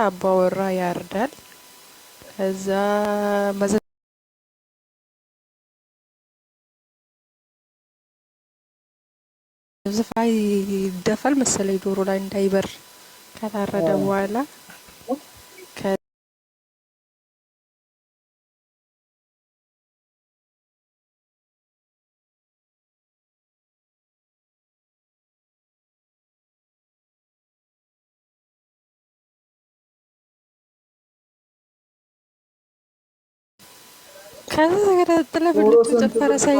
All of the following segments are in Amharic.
አባወራ ያርዳል እዛ መዘ ይደፋል መሰለኝ ዶሮ ላይ እንዳይበር ከታረደ በኋላ ከተቀጠለ ብልቱ ጨፈረ ሳይ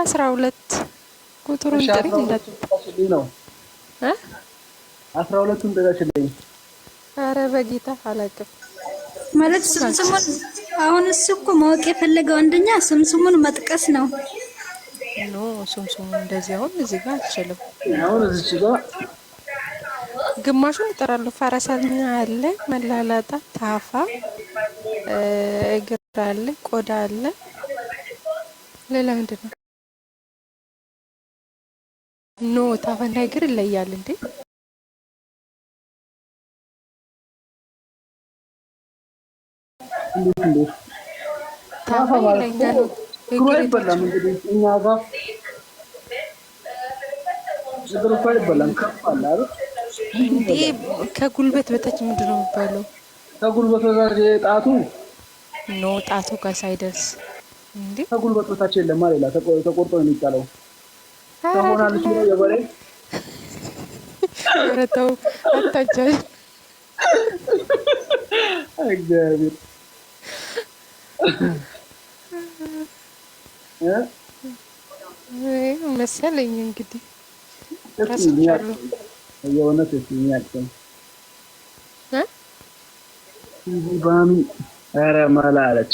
አስራ ሁለት ቁጥሩን ጥሪ እንዳት አስራ ሁለቱን ጥራችልኝ። አረ በጌታ አላውቅም ማለት ስምስሙን። አሁን እሱ እኮ ማወቅ የፈለገው አንደኛ ስምስሙን መጥቀስ ነው። ኖ ስምስሙን እንደዚህ አሁን እዚህ ጋር አልችልም። አሁን እዚህ ጋር ግማሹን እጠራለሁ። ፈረሰኛ አለ መላላጣ ታፋ እግር አለ፣ ቆዳ አለ። ሌላ ምንድን ነው? ኖ ታፈና እግር ይለያል እንዴ? ታፋ እንግዲህ እኛ ጋር ከጉልበት በታች ምንድን ነው የሚባለው? ከጉልበቱ በታች ጣቱ ኖ ጣቱ ጋር ሳይደርስ እንዴ ከጉልበቱ በታች የለም ማለት ላ ተቆርጦ ነው የሚጣለው። ታሆናለች ነው የበሬ ረተው አታጃል እግዚአብሔር መሰለኝ እንግዲህ የእውነት የሚያቅም ባሚ ኧረ መላ አለች።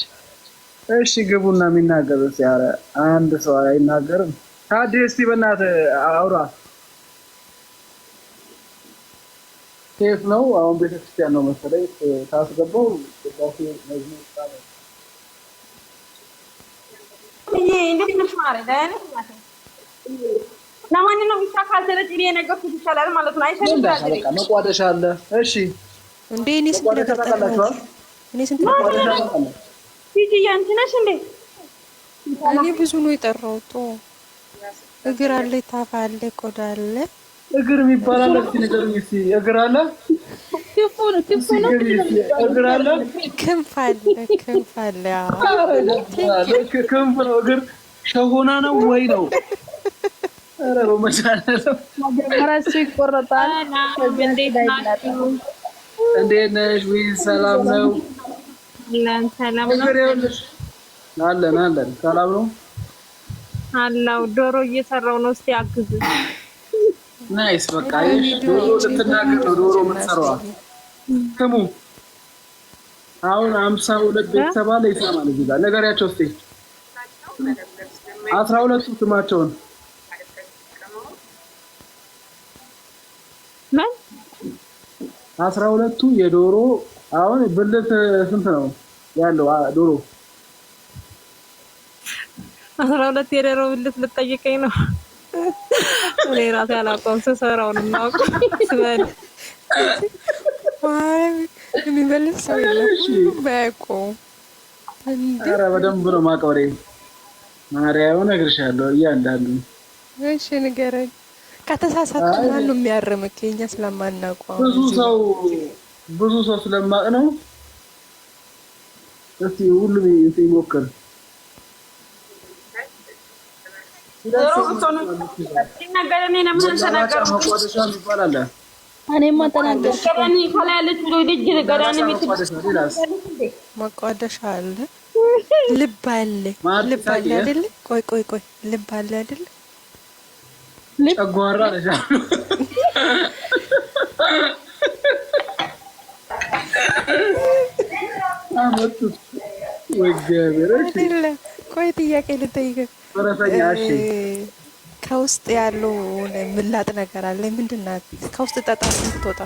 እሺ ግቡና የሚናገር ሲያረ አንድ ሰው አይናገርም። ታዲ እስቲ በእናትህ አውራ። ሴፍ ነው አሁን ቤተክርስቲያን ነው መሰለኝ ታስገባው ዳሴ ነዚህ ለማንኛውም ብቻ ካልተለጥ የነገርኩት ይሻላል ማለት ነው። አይሻልም? መቋደሻ አለ። እሺ እንዴ እኔ ስንት ነገር ጠላችኋል። እኔ ብዙ ነው የጠራሁት። እግር አለ፣ ታፋ አለ፣ ቆዳ አለ። እግር የሚባል እግር አለ፣ እግር አለ፣ ክንፍ አለ፣ ክንፍ አለ። ክንፍ ነው እግር ሸሆና ነው ወይ ነው መጀመሪያ ሲቆረጣል እንዴት ናችሁ? እንዴት ነሽ? ዊል ሰላም ነው አለን አለን። ሰላም ነው አለው። ዶሮ እየሰራው ነው። እስቲ አግዝ። ናይስ። በቃ ዶሮ ልትናገር ነው። ዶሮ ምትሰራዋ ስሙ። አሁን አምሳ ሁለት ቤተሰብ አለ። ይሰማል እዚህ ጋር ነገሪያቸው እስቲ አስራ ሁለቱ ስማቸውን አስራ ሁለቱ የዶሮ አሁን ብልት ስንት ነው ያለው? ዶሮ አስራ ሁለት የዶሮ ብልት ልጠይቀኝ ነው። እኔ ራሴ አላውቀውም። ስሰራው ነው የማውቀው። ስበል የሚበልጥ ሰው በቆ ኧረ በደንብ ነው ማቀሬ ማርያም እነግርሻለሁ እያንዳንዱ እሺ ንገረኝ ከተሳሳተ ማን ነው የሚያርምክ? የኛ ብዙ ሰው ብዙ ሰው ስለማቅ ነው። እስቲ ሁሉም ይሞክር። መቋደሻ አለ፣ ልብ አለ፣ ልብ አለ አይደለ? ቆይ ቆይ ቆይ፣ ልብ አለ አይደለ? ጨጓራ ቆይ ጥያቄ ልጠይቅህ። ከውስጥ ያለው ምላጥ ነገር አለ። ምንድን ናት? ከውስጥ ጠጠር የምትወጣ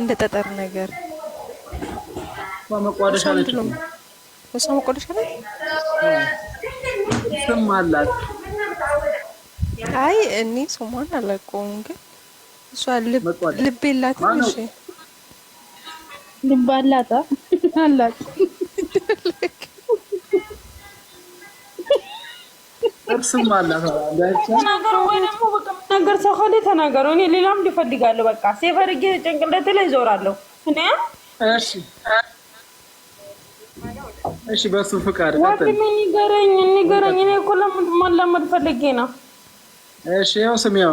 እንደ ጠጠር ነገር መቋደሻ ነች። እሷ መቋደሻ ነች። ስም አላት አይ እኔ ስሟን አላውቀውም፣ ግን እሷ ልብ የላትም። እሺ ልብ አላጣ አላቅ እርስም አላት ነገር ሰው ከሆነ ተናገሩ። እኔ ሌላም እንዲፈልጋለሁ በቃ ሴፈርጌ ጭንቅላት ላይ ዞራለሁ። እሺ እሺ፣ በሱ ፍቃድ ወንድሜ ንገረኝ፣ ንገረኝ። እኔ እኮ ለምን ማላመድ ፈልጌ ነው። እሺ ያው ስም ያው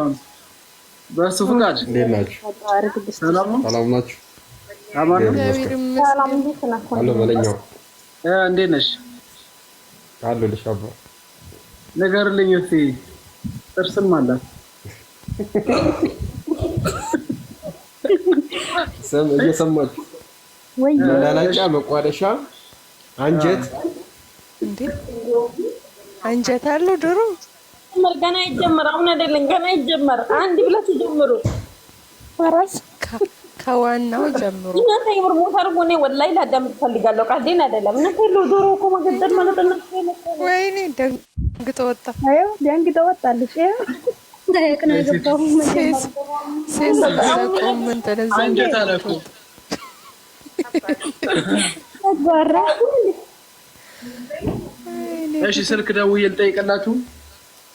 በሱ ፍቃድ እንዴት ናችሁ? ሰላም ናችሁ? አሎ በለኛው እንዴት ነሽ? አሎ አባ ንገርልኝ እስኪ ጥርስም አላት ስም እየሰማችሁ መላላጫ፣ መቋደሻ፣ አንጀት አንጀት አለው ድሮ ገና ይጀመር። አሁን አይደለም ገና ይጀመር። አንድ ብለት ጀምሩ። አራስ ከዋናው ጀምሩ። እናንተ የምር ሞት አድርጎ እኔ ላዳምጥ እፈልጋለሁ። ቃዴን አይደለም እናንተ የለው ዶሮ እኮ መገደል ማለት ወይኔ፣ ደንግጦ ወጣ። ደንግጦ ወጣለች። እሺ ስልክ ደውዬ ልጠይቅላችሁ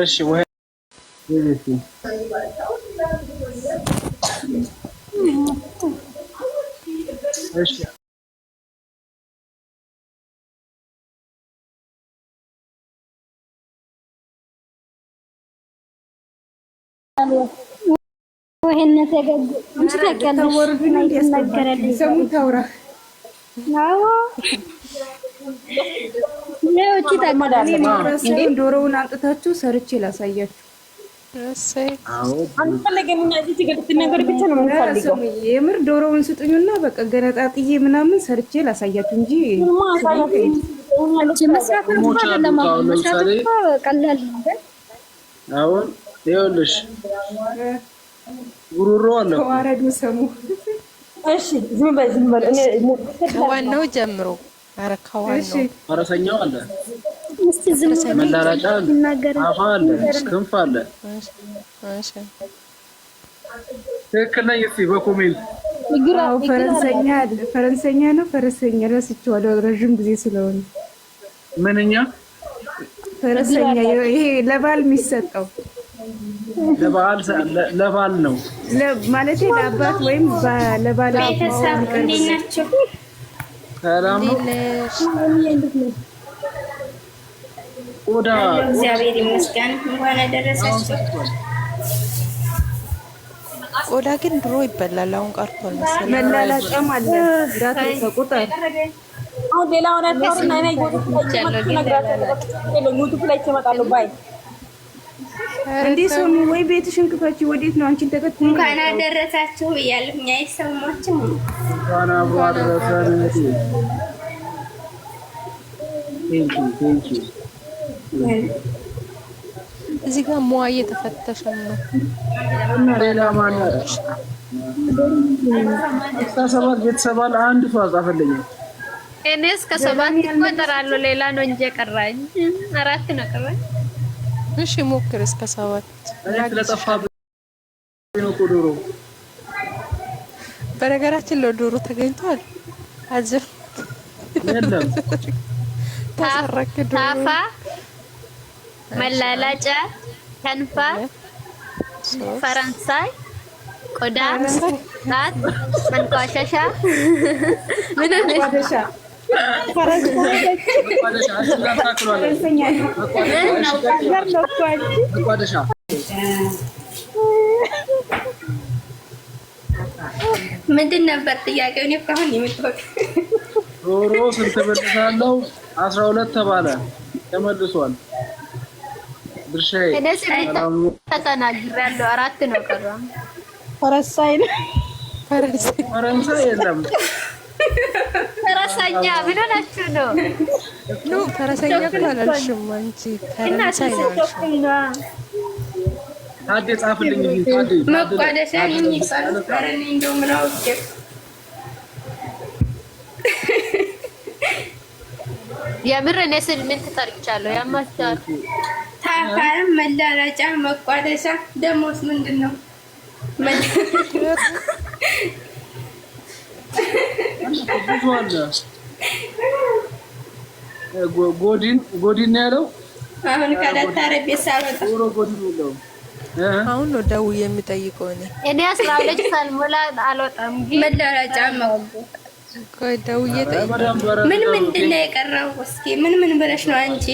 እሺ ወይ እሺ እሺ ወይነ ተገግ እንጂ ተቀልሽ ነው ይነገራል። ሰሙ ታውራ አዎ ይህቺ ዶሮውን አንጥታችሁ ሰርቼ ላሳያችሁ። የምር ዶሮውን ስጡኝና በቃ ገነጣጥዬ ምናምን ሰርቼ ላሳያችሁ እንጂ አሁን ይኸውልሽ ጉሮሮ አለው ተዋረዱ ሰሙ። እሺ ዝም በል ዝም በል ከዋናው ጀምሮ ፈረሰኛው አለ፣ መላላጫ አለ፣ አለ፣ ክንፍ አለ። ትክክል ነኝ። እስኪ በኮሜል ፈረንሰኛ አለ። ፈረንሰኛ ነው። ፈረሰኛ ረስቼዋለሁ፣ ረዥም ጊዜ ስለሆነ ምንኛ ፈረሰኛ። ይሄ ለበዓል የሚሰጠው ለበዓል ነው ማለት ለአባት ወይም ለባል እንዴት ናቸው? እግዚአብሔር ይመስገን። እንኳን አደረሳችሁ። ቆዳ ግን ድሮ ይበላል፣ አሁን ቀርቷል መሰለኝ። መላላጫም አለ ቁጥር አሁን ሌላ ሆነ እንዴ ሰሙ ወይ ቤትሽን ክፈቺ። ወዴት ነው አንቺን ተከትሎ? እንኳን አደረሳችሁ ብያለሁኝ። አይሰማችም? እንኳን አብሮ አደረሰን። እዚህ ጋር ሟ እየተፈተሸ ነው። ሌላ ማን ሰባት አንድ ሰው አጻፈልኝ። እኔ እስከ ሰባት እቆጥራለሁ። ሌላ ነው እንጂ ቀራኝ፣ አራት ነው ቀራኝ እሺ ሞክር እስከ ሰባት ዶሮ በነገራችን ለዶሮ ተገኝቷል። አዘ ተሰረክ ዶሮ መላላጫ ከንፋ ፈረንሳይ ቆዳ ታት መንቋሸሻ ምን ምንድን ነበር ጥያቄው? እኔ እኮ አሁን የምትወቅ ዶሮ ስንት ብር ሳለው አስራ ሁለት ተባለ ተመልሷል። ድርሻዬ ተናግራለሁ። አራት ነው ቀረ። ፈረንሳይ የለም ፈረሰኛ ምን ሆናችሁ ነው? ኑ ፈረሰኛ እኮ አላልሽም አንቺ ፈረሰኛ የምር እኔ ስል ምን ትጠርቻለሁ? ያማችኋል። መላላጫ መቋደሻ ደሞስ ምንድን ነው? ብዙ አለ። ጎዲን ጎዲን ያለው አሁን ከዳታ አሁን ነው ደው የሚጠይቀው። እኔ እኔ አስራ ሁለት ሳልሞላ አልወጣም። ደውዬ ምን ምንድን ነው የቀረው? እስኪ ምን ምን ብለሽ ነው አንቺ?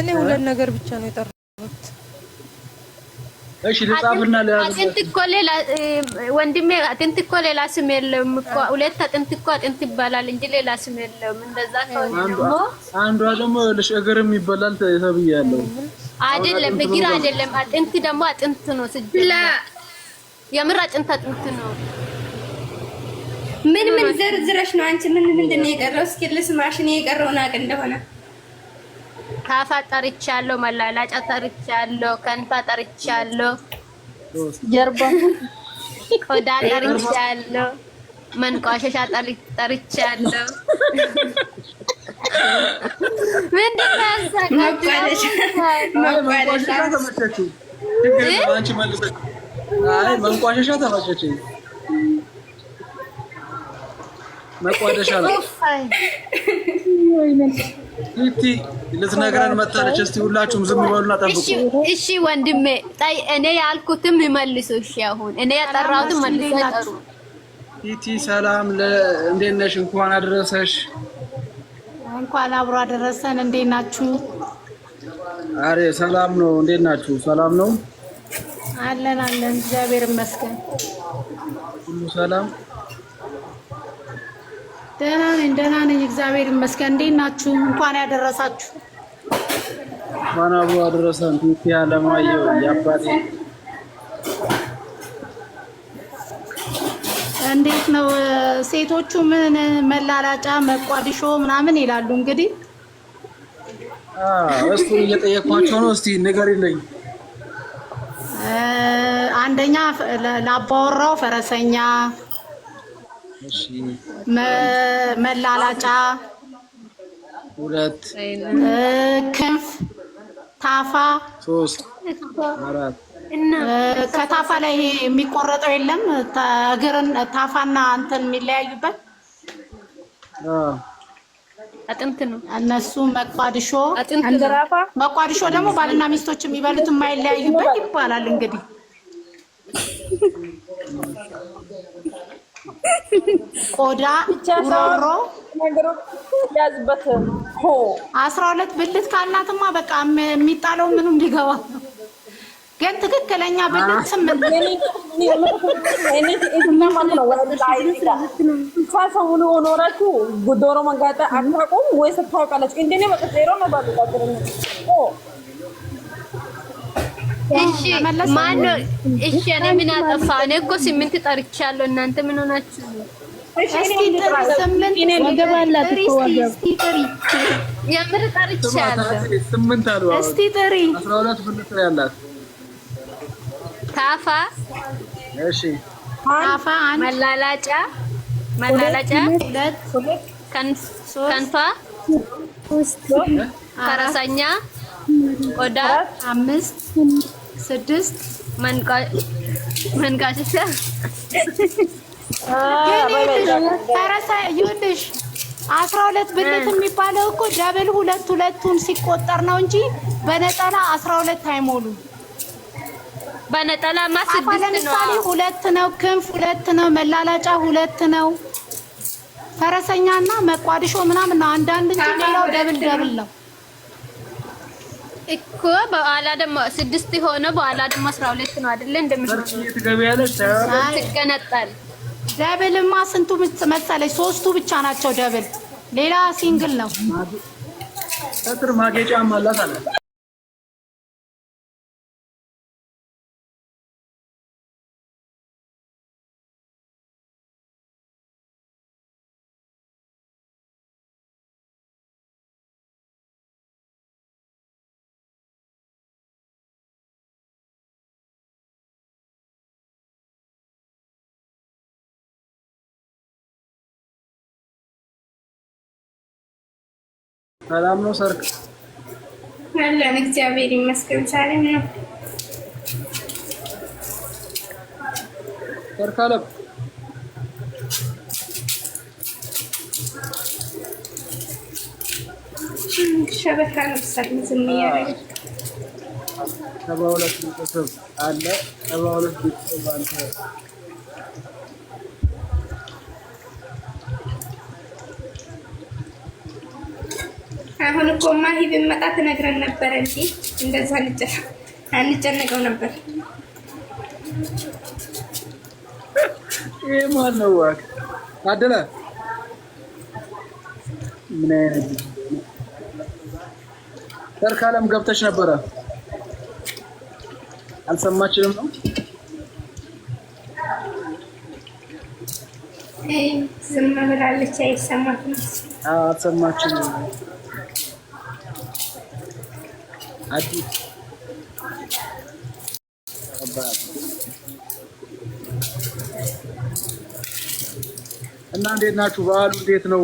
እኔ ሁለት ነገር ብቻ ነው የጠራው። እሺ ልጻፍና አጥንት እኮ ሌላ ወንድሜ፣ አጥንት እኮ ሌላ ስም የለውም እኮ ሁለት አጥንት እኮ አጥንት ይባላል እንጂ ሌላ ስም የለውም። እንደዛ ነው። አንዷ ደግሞ ልሽ እግርም ይባላል ተብያለሁ። አይደለም እግር አይደለም፣ አጥንት ደግሞ አጥንት ነው። ስጅላ የምር አጥንት አጥንት ነው። ምን ምን ዘርዝረሽ ነው አንቺ? ምን ምንድን ነው የቀረው? እስኪ ልስማሽ፣ እኔ የቀረውን አቅ እንደሆነ ካፋ ጠርቻለሁ፣ መላላጫ ጠርቻለሁ፣ ከንፋ ጠርቻለሁ፣ ጀርባ ቆዳ ጠርቻለሁ፣ መንቋሸሻ ጠርቻለሁ። ምንድን ነው ያሳቃችሁ? መንቋሸሻ ተመቸችኝ። መቋደሻ ነው ቲ ልትነግረን መታለች። እስቲ ሁላችሁም ዝም በሉና ጠብቁ። እሺ ወንድሜ ጣይ እኔ ያልኩትም ይመልሱ። እሺ አሁን እኔ ያጠራሁትም መልሱ አይጠሩ። ቲ ሰላም፣ እንዴት ነሽ? እንኳን አደረሰሽ። እንኳን አብሮ አደረሰን። እንዴት ናችሁ? አሬ ሰላም ነው። እንዴት ናችሁ? ሰላም ነው አለን አለን። እግዚአብሔር ይመስገን ሁሉ ሰላም ደህና ነኝ፣ ደህና ነኝ፣ እግዚአብሔር ይመስገን። እንዴት ናችሁ? እንኳን ያደረሳችሁ። እንኳን አብሮ አደረሰን። ቲቲ አለማየሁ ያባቴ እንዴት ነው? ሴቶቹ ምን መላላጫ መቋዲሾ ምናምን ይላሉ። እንግዲህ እሱ እየጠየኳቸው ነው። እስቲ ንገሪልኝ። አንደኛ ላባወራው ፈረሰኛ መላላጫ፣ ሁለት ክንፍ፣ ታፋ ከታፋ ላይ የሚቆረጠው የለም። እግርን ታፋና አንተን የሚለያዩበት አጥንት ነው። እነሱ መቋድሾ መቋድሾ ደግሞ ባልና ሚስቶች የሚበሉት የማይለያዩበት ይባላል እንግዲህ ቆዳ ሮሮ ያዝበት አስራ ሁለት ብልት ካላትማ በቃ የሚጣለው ምኑም ሊገባ ግን ትክክለኛ ብልት ስምንት ኖራችሁ ዶሮ መንጋጠ አታውቁም ወይስ ታውቃላችሁ? እሺ ማነው? እሺ እኔ ምን አጠፋ? እኔ እኮ ስምንት ጠርቻለሁ። እናንተ ምን ሆናችሁ? የምር ጠርቻለሁ። እስቲ ጥሪ ታፋ ታፋ መላላጫ መላላጫ ከንፋ ፈረሰኛ ቆዳ አምስት ስድስት መንቃሽሻ ይኸውልሽ አስራ ሁለት ብልት የሚባለው እኮ ደብል ሁለት ሁለቱን ሲቆጠር ነው እንጂ በነጠላ አስራ ሁለት አይሞሉም። በነጠላማ ስድስት ነው። ሁለት ነው ክንፍ፣ ሁለት ነው መላላጫ፣ ሁለት ነው ፈረሰኛ ፈረሰኛና መቋድሾ ምናምን ነው አንዳንድ እንጂ ሌላው ደብል ደብል ነው። እኮ በኋላ ደግሞ ስድስት የሆነ በኋላ ደግሞ አስራ ሁለት ነው አይደለ? ትገነጣል። ደብልማ ስንቱ መሰለች? ሶስቱ ብቻ ናቸው ደብል፣ ሌላ ሲንግል ነው። ማጌጫም አላት አለ ሰላም ነው። ሰርክ አለን። እግዚአብሔር ይመስገን። ሰላም ነው። ሰርክ አለ ሸበካ ነው። ዝም ያለ ሰባ ሁለት ቤተሰብ አለ። ሰባ ሁለት ቤተሰብ አንተ አሁን እኮ ማሂ ብመጣ ትነግረን ነበር እንጂ እንደዛ አንጨነቀው ነበር። ይሄ ማን ነው? አደለ ምን አይነት ተርክ አለም ገብተሽ ነበረ አልሰማችንም ነው ዝም ብላለች። አይሰማትም፣ አትሰማችንም አዲስ እና እንዴት ናችሁ? በዓሉ እንዴት ነው?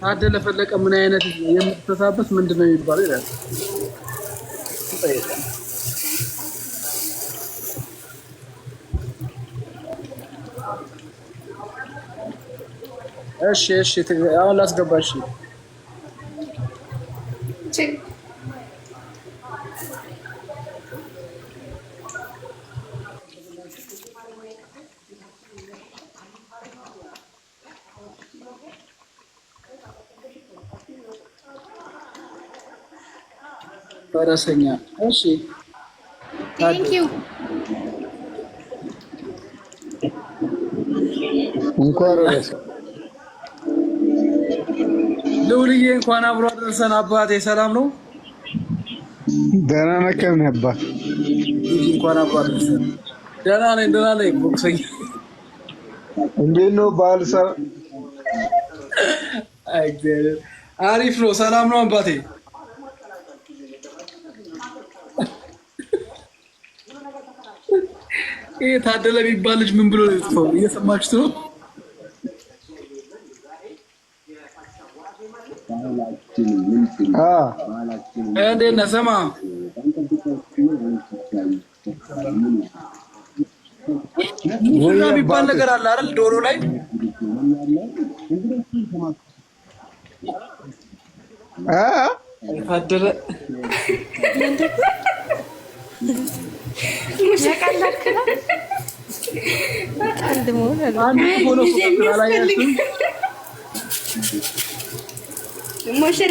ታደለ ፈለቀ ምን አይነት የምትተሳበት ምንድን ነው የሚባለው ይላል። እሺ እሺ፣ አሁን ላስገባሽ ፈረሰኛ። እሺ እንኳን ልውልዬ እንኳን አብሮ አደረሰን። አባቴ ሰላም ነው? ደህና ነህ? ከምን አባት እንኳን አብሮ ደህና ነኝ፣ ደህና ነኝ። ቦክሰኛ እንዴት ነው በዓል? ሰላም አሪፍ ነው። ሰላም ነው አባቴ ይሄ ታደለ የሚባል ልጅ ምን ብሎ ነው? እየሰማችሁት ነው? እንዴት ነህ? ስማ ሙስና የሚባል ነገር አለ አይደል? ዶሮ ላይ ታደለ ሙሽቀላክላ አንድ መሆን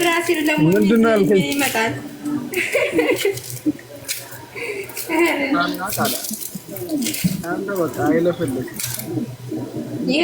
ሙሽራ ሲሉ ይመጣል። ይሄ